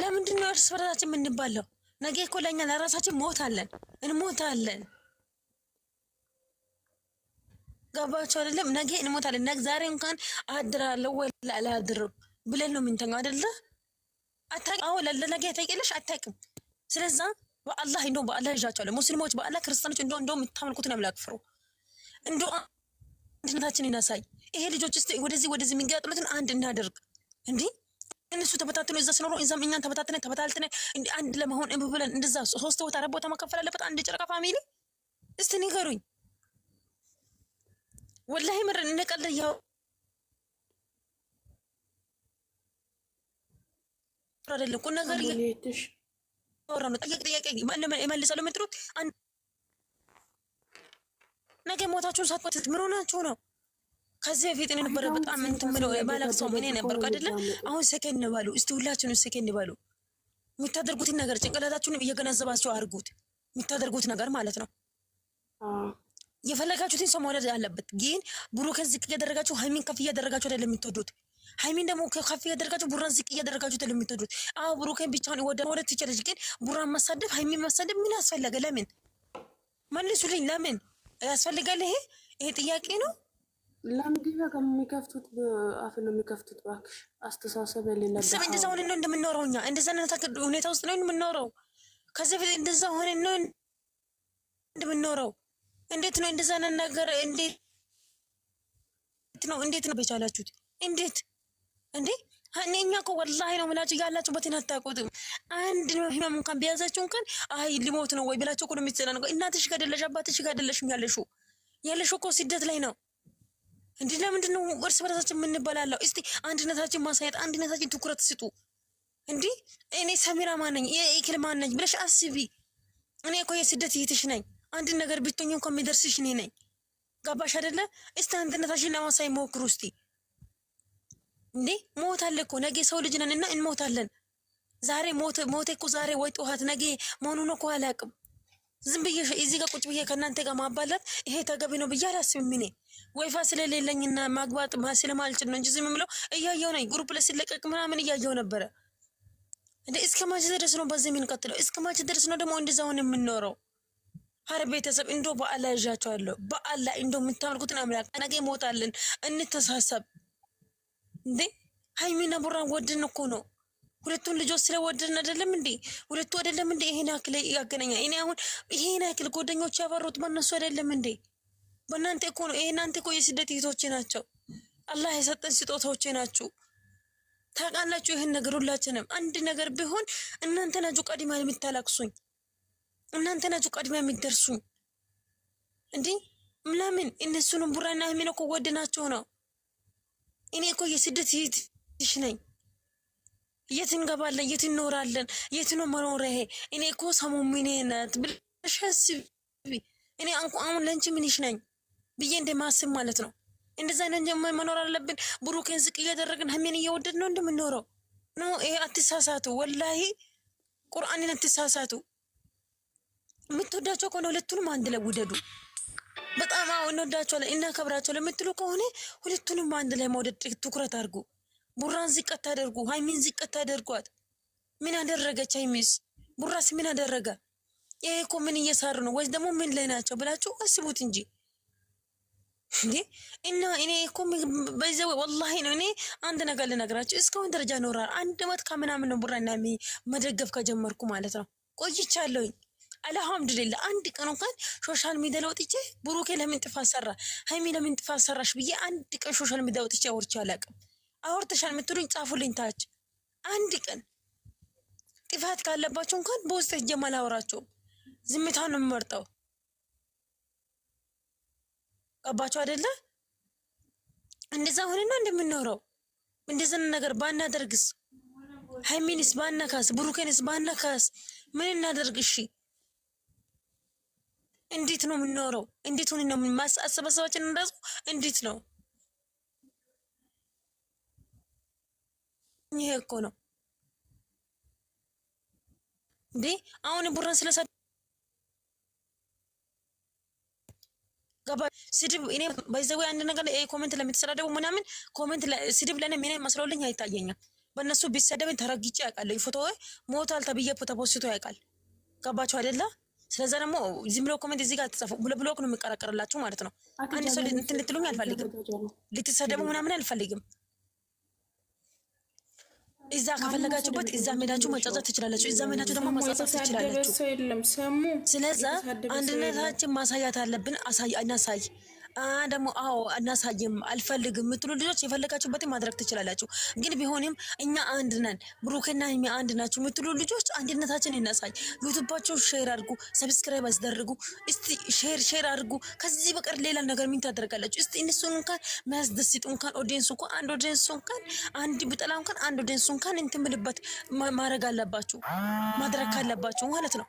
ለምንድን ነው እርስ በርሳችን የምንባለው? ነገ እኮ ለእኛ ለራሳችን ሞት አለን እንሞታለን። ገባቸው አይደለም? ነገ እንሞታለን። ነገ ዛሬ እንኳን አድራለሁ ወይ አላድርም ብለን ነው የምንተኛው አይደለ? አሁን ለነገ ታውቂያለሽ? አታውቂም። ስለዛ በአላህ እንደ በአላህ ይዣቸዋለ ሙስሊሞች፣ በአላህ ክርስቲያኖች፣ እንደው እንደው የምታመልኩትን አምላክ ፍሩ። እንደው አንድነታችን ይናሳይ። ይሄ ልጆች ስ ወደዚህ ወደዚህ የሚገጥሉትን አንድ እናደርግ እንዲህ እነሱ ተበታትነው እዛ ሲኖሩ እዛም እኛን ተበታትነ ተበታልትነ አንድ ለመሆን እምብ ብለን እንደዛ ሶስት ቦታ አራት ቦታ መከፈል አለበት አንድ ጨረቃ ፋሚሊ። እስቲ ንገሩኝ ወላሂ ምር እነቀለ ያው አይደለም ቁም ነገር እያወራ ነው። ጠየቅ ጥያቄ ይመልሳሉ የምትሉት ነገ ሞታችሁን ሳትቆትት ምን ነው? ከዚህ በፊት እኔ ነበረ በጣም እንትን ምለው ባላቅ ሰው እኔ ነበርኩ አይደለ? አሁን ሰከን ባሉ እስቲ ሁላችሁንም ሰከን ባሉ የምታደርጉትን ነገር ጭንቅላታችሁንም እየገነዘባችሁ አድርጉት። የምታደርጉት ነገር ማለት ነው። የፈለጋችሁትን ሰው መውደድ አለበት፣ ግን ብሩክን ዝቅ እያደረጋችሁ ሀይሚን ከፍ እያደረጋችሁ አይደለም የምትወዱት። ሀይሚን ደግሞ ከፍ እያደረጋችሁ ቡራን ዝቅ እያደረጋችሁ አይደለም የምትወዱት። አዎ ብሩክን ብቻውን ወደ ወደ ትችላለች፣ ግን ቡራን ማሳደብ ሀይሚን ማሳደብ ምን አስፈለገ? ለምን መልሱልኝ። ለምን ያስፈልጋል? ይሄ ይሄ ጥያቄ ነው። ለምግብ የሚከፍቱት አፍ ነው የሚከፍቱት። እባክሽ አስተሳሰብ የሌለበት ሰብ እንደዛ ሆነን ነው እንደምንኖረው እኛ እንደዛ ነው ሁኔታ ውስጥ ነው እንደምንኖረው። ከዚህ በፊት እንደዛ ሆነን ነው እንደምንኖረው። እንዴት ነው እንደዛ ነን ነገር እንዴት ነው እንዴት ነው በቻላችሁት? እንዴት እንዴ እኛ እኮ ወላሂ ነው የምላችሁ ያላችሁበትን አታውቁትም። አንድ ነው ህመም እንኳን ቢያዛችሁ እንኳን አይ ሊሞት ነው ወይ ብላችሁ እኮ ነው የሚጨናነቀው። እናትሽ ጋር አይደለሽ አባትሽ ጋር አይደለሽም ያለሽው ያለሽው እኮ ስደት ላይ ነው እንዲህ ለምንድን ነው እርስ በራሳችን የምንበላለው? እስቲ አንድነታችን ማሳየት፣ አንድነታችን ትኩረት ስጡ። እንዲህ እኔ ሰሚራ ማነኝ የኢክል ማነኝ ብለሽ አስቢ። እኔ እኮ የስደት ይትሽ ነኝ። አንድ ነገር ብትሆኝ እንኳ የሚደርስሽ እኔ ነኝ። ገባሽ አይደለ? እስቲ አንድነታችን ለማሳይ ሞክሩ። እስቲ እንዴ ሞት አለ እኮ ነገ ሰው ልጅ ነን እና እንሞታለን። ዛሬ ሞት ሞት እኮ ዛሬ ወይ ጠዋት ነገ መሆኑን እኮ አላውቅም። ዝም ብዬ እዚህ ጋር ቁጭ ብዬ ከእናንተ ጋር ማባላት ይሄ ተገቢ ነው ብዬ አላስብም። እኔ ወይፋ ስለሌለኝና ማግባት ስለማልችል ነው እንጂ ዝም ብለው እያየው ነኝ። ግሩፕ ላይ ሲለቀቅ ምናምን እያየው ነበረ። እንደ እስከ ማች ድረስ ነው በዚህ የምንቀጥለው? እስከ ማች ድረስ ነው ደግሞ እንደዛውን የምንኖረው? ሀር ቤተሰብ እንዶ በአላ ይዣቸዋለሁ። በአላ እንዶ የምታመልኩትን አምላክ ነገ ሞታለን እንተሳሰብ እንዴ! ሀይሚና ቡራን ወድን እኮ ነው ሁለቱን ልጆች ስለወደድን አይደለም እንዴ? ሁለቱ አይደለም እንዴ? ይሄን ያክል ያገናኛ እኔ አሁን ይሄን ያክል ጓደኞች ያፈሩት በእነሱ አይደለም እንዴ? በእናንተ እኮ ነው። ይሄ እናንተ እኮ የስደት እህቶቼ ናቸው። አላህ የሰጠን ስጦታዎቼ ናችሁ። ታውቃላችሁ ይህን ነገር ሁላችንም። አንድ ነገር ቢሆን እናንተ ናችሁ ቀድማ የምታላቅሱኝ፣ እናንተ ናችሁ ቀድማ የሚደርሱኝ። እንዴ ምናምን እነሱንም ቡራና ህሚን እኮ ናቸው ነው። እኔ እኮ የስደት እህትሽ ነኝ። የት እንገባለን? የት እንኖራለን? የት ነው መኖሪያ? ይሄ እኔ እኮ ሰሞኑን ናት ብለሽ አስቢ። እኔ አሁን ለንቺ ምንሽ ነኝ ብዬ እንደማስብ ማለት ነው። እንደዛ ነን መኖር አለብን። ብሩኬን ዝቅ እያደረግን ሀሜን እየወደድ ነው እንደምንኖረው ኖ። ይሄ አትሳሳቱ፣ ወላሂ ቁርአንን አትሳሳቱ። የምትወዳቸው ከሆነ ሁለቱንም አንድ ላይ ውደዱ። በጣም አዎ እንወዳቸዋለን እናከብራቸዋለን የምትሉ ከሆነ ሁለቱንም አንድ ላይ መውደድ ትኩረት አድርጉ። ቡራን ዝቅ አታደርጉ። ሀይሚን ዝቅ አታደርጓት። ምን አደረገች ሀይሚስ? ቡራስ ምን አደረገ? ይሄ እኮ ምን እየሰሩ ነው? ወይስ ደግሞ ምን ላይ ናቸው ብላችሁ አስቡት እንጂ እንዴ እና እኔ እኮ በዚያው ወላሂ ነው። እኔ አንድ ነገር ልነግራችሁ፣ እስካሁን ደረጃ ኖራል አንድ ዓመት ከምናምን ነው ቡራን ሀይሚ መደገፍ ከጀመርኩ ማለት ነው ቆይቻለሁኝ። አልሐምዱሊላ አንድ ቀን እንኳን ሶሻል ሚዲያ ለውጥቼ ብሩኬ ለምን ጥፋት ሰራ፣ ሀይሚ ለምን ጥፋት ሰራሽ ብዬ አንድ ቀን ሶሻል ሚዲያ ለውጥቼ አውርቼ አውርተሻል የምትሉኝ ጻፉልኝ ታች። አንድ ቀን ጥፋት ካለባቸው እንኳን በውስጥ ሄጄም አላወራቸውም። ዝምታ ነው የምመርጠው። ገባቸው አይደለ? እንደዛ ሆነና እንደምንኖረው እንደዛን ነገር ባናደርግስ፣ ሃይሚንስ ባናካስ፣ ብሩኬንስ ባናካስ ምን እናደርግ? እሺ እንዴት ነው የምንኖረው? እንዴት ሆነ ነው ማሳሰባሰባችን? እንደዚህ እንዴት ነው ይሄ እኮ ነው እንዴ አሁን ቡራን ስለሳ ገባ ስድብ እኔ ባይዘው አንድ ነገር ላይ ኮሜንት ለምትሰዳደቡ ምናምን ኮሜንት ስድብ ለእኔ ምን መስሎልኝ አይታየኛም። በእነሱ ቢሰደብ ተረግጬ ያውቃለሁ። ፎቶ ሞታል ተብዬ ተፖስቶ ያውቃል። ገባችሁ አይደለ? ስለዛ ደግሞ ዝም ብሎ ኮሜንት እዚህ ጋር ተጻፉ ብሎክ ነው የሚቀረቀርላችሁ ማለት ነው። አንድ ሰው እንትን ልትሉኝ አልፈልግም። ልትሰደቡ ምናምን አልፈልግም። እዛ ከፈለጋችሁበት እዛ ሜዳችሁ መጫጫት ትችላላችሁ። እዛ ሜዳችሁ ደግሞ መጻጻፍ ትችላላችሁ። ስለዛ አንድነታችን ማሳያት አለብን። አሳይ እናሳይ ደግሞ አዎ እናሳይም አልፈልግም የምትሉ ልጆች የፈለጋችሁበትን ማድረግ ትችላላችሁ። ግን ቢሆንም እኛ አንድ ነን፣ ብሩክና ሀይሚ አንድ ናችሁ የምትሉ ልጆች አንድነታችን እናሳይ። ዩቱባቸው ሼር አድርጉ፣ ሰብስክራይብ አስደርጉ፣ እስቲ ሼር ሼር አድርጉ። ከዚህ በቀር ሌላ ነገር ምን ታደርጋላችሁ? እስቲ እነሱን እንኳን የሚያስደስጡ እንኳን ኦዲንሱ እንኳን አንድ ኦዲንሱ እንኳን አንድ ብጠላ እንኳን አንድ ኦዲንሱ እንኳን እንትምልበት ማድረግ አለባችሁ ማድረግ ካለባችሁ ማለት ነው።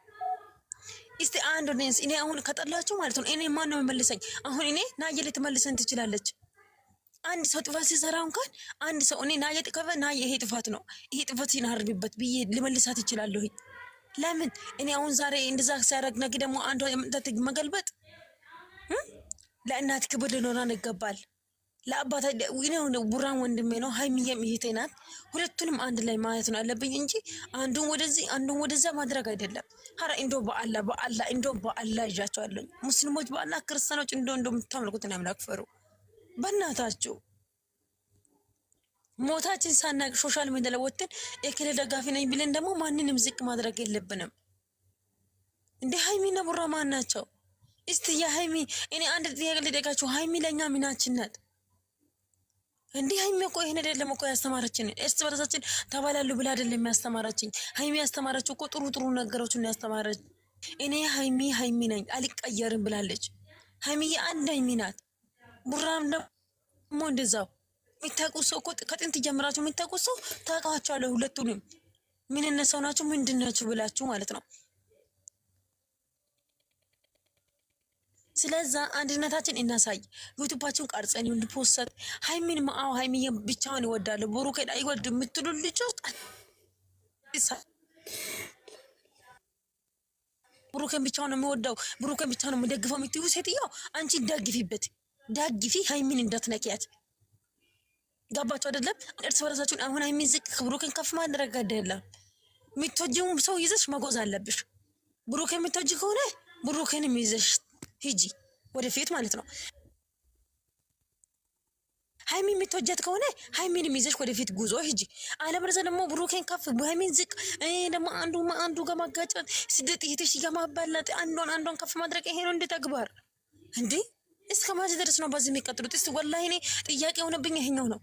አንድ ኦዲየንስ እኔ አሁን ከጠላችሁ ማለት ነው እኔ ማን ነው የመልሰኝ? አሁን እኔ ናየ ላይ ትችላለች። አንድ ሰው ጥፋት ሲሰራ እንኳን አንድ ሰው እኔ ናየ ጥከበ ናየ ይሄ ጥፋት ነው ይሄ ጥፋት ሲናርብበት ብዬ ልመልሳት እችላለሁ። ለምን እኔ አሁን ዛሬ እንደዛ ሲያደርግ ነገ ደግሞ አንዷ የምንጠት መገልበጥ ለእናት ክብር ሊኖረን ይገባል። ለአባታ ቡራን ወንድሜ ነው፣ ሀይሚዬም እህቴ ናት። ሁለቱንም አንድ ላይ ማለት ነው አለብኝ እንጂ አንዱን ወደዚህ አንዱን ወደዛ ማድረግ አይደለም። ሀረ እንዶ በአላ በአላ እንዶ በአላ እዣቸዋለኝ። ሙስሊሞች በአላ ክርስቲያኖች እንዶ እንዶ የምታመልኩትን አምላክ ፈሩ። በእናታችሁ ሞታችን ሳናቅ ሶሻል ሚዲያ ላይ ወጥተን የክልል ደጋፊ ነኝ ብለን ደግሞ ማንንም ዝቅ ማድረግ የለብንም። እንደ ሀይሚና ቡራ ማን ናቸው? እስቲ የሀይሚ እኔ አንድ ጥያቄ ልጠይቃችሁ። ሀይሚ ለእኛ ምናችን ናት? እንዲህ ሀይሚ እኮ ይህን አይደለም እኮ ያስተማረችን። እርስ በርሳችን ተባላሉ ብላ አይደለም ያስተማረችኝ። ሀይሚ ያስተማረችው እኮ ጥሩ ጥሩ ነገሮችን ያስተማረች። እኔ ሀይሚ ሀይሚ ነኝ አልቀየርም ብላለች። ሀይሚ አንድ ሀይሚ ናት። ቡራም ደግሞ እንደዛው የሚታውቁ ሰው እኮ ከጥንት ጀምራችሁ የሚታውቁ ሰው ታውቃቸዋለሁ። ሁለቱንም ምን እነሰው ናችሁ ምንድን ናችሁ ብላችሁ ማለት ነው ስለዛ አንድነታችን እናሳይ። ዩቱባችን ቀርጸን ይሁን ፖሰት ሀይሚን ማአው ሀይሚዬ ብቻውን ይወዳል ብሩኬን አይወድ የምትሉ ልጆች ብሩኬን ብቻውን የሚወዳው ብሩኬን ብቻውን የምደግፈው የምትዩ ሴትዮ አንቺ ደግፊበት፣ ደግፊ ሀይሚን እንዳትነቅያት። ገባችሁ አይደለም? እርስ በራሳችሁን አሁን ሀይሚን ዝቅ ብሩኬን ከፍ ማድረግ አይደለም። የምትወጂው ሰው ይዘሽ መጓዝ አለብሽ። ብሩኬን የምትወጂ ከሆነ ብሩኬን ይዘሽ ሂጂ ወደፊት ማለት ነው። ሀይሚን የምትወጃት ከሆነ ሀይሚንም ይዘሽ ወደፊት ጉዞ ሂጂ። አለበለዚያ ደግሞ ብሩኬን ከፍ ሀይሚን ዝቅ ደግሞ አንዱ አንዱ ጋር ማጋጨት ስደት ይሄትሽ ጋማባላት አንዷን አንዷን ከፍ ማድረግ ይሄ ነው እንደ ተግባር እንዴ! እስከ ማዚ ድረስ ነው በዚህ የሚቀጥሉት? እስ ወላሂ እኔ ጥያቄ የሆነብኝ ይሄኛው ነው።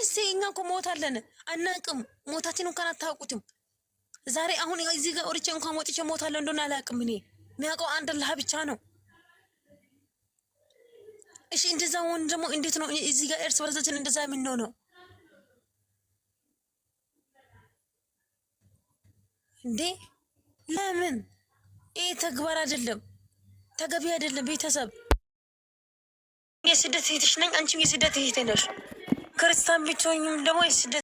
እስቲ እኛ እኮ ሞታለን አናቅም፣ ሞታችን እንኳን አታውቁትም። ዛሬ አሁን እዚህ ጋር ወርቼ እንኳን ወጥቼ ሞታለሁ እንደሆነ አላቅም። እኔ ሚያውቀው አንድ አላህ ብቻ ነው። እሺ እንደዛ ሆን ደግሞ እንዴት ነው እዚህ ጋር እርስ በርሳችን እንደዛ የምንሆነው ነው እንዴ? ለምን ይህ ተግባር አይደለም፣ ተገቢ አይደለም። ቤተሰብ የስደት እህትሽ ነኝ፣ አንቺም የስደት እህቴ ነሽ። ክርስቲያን ብትሆኝም ደግሞ የስደት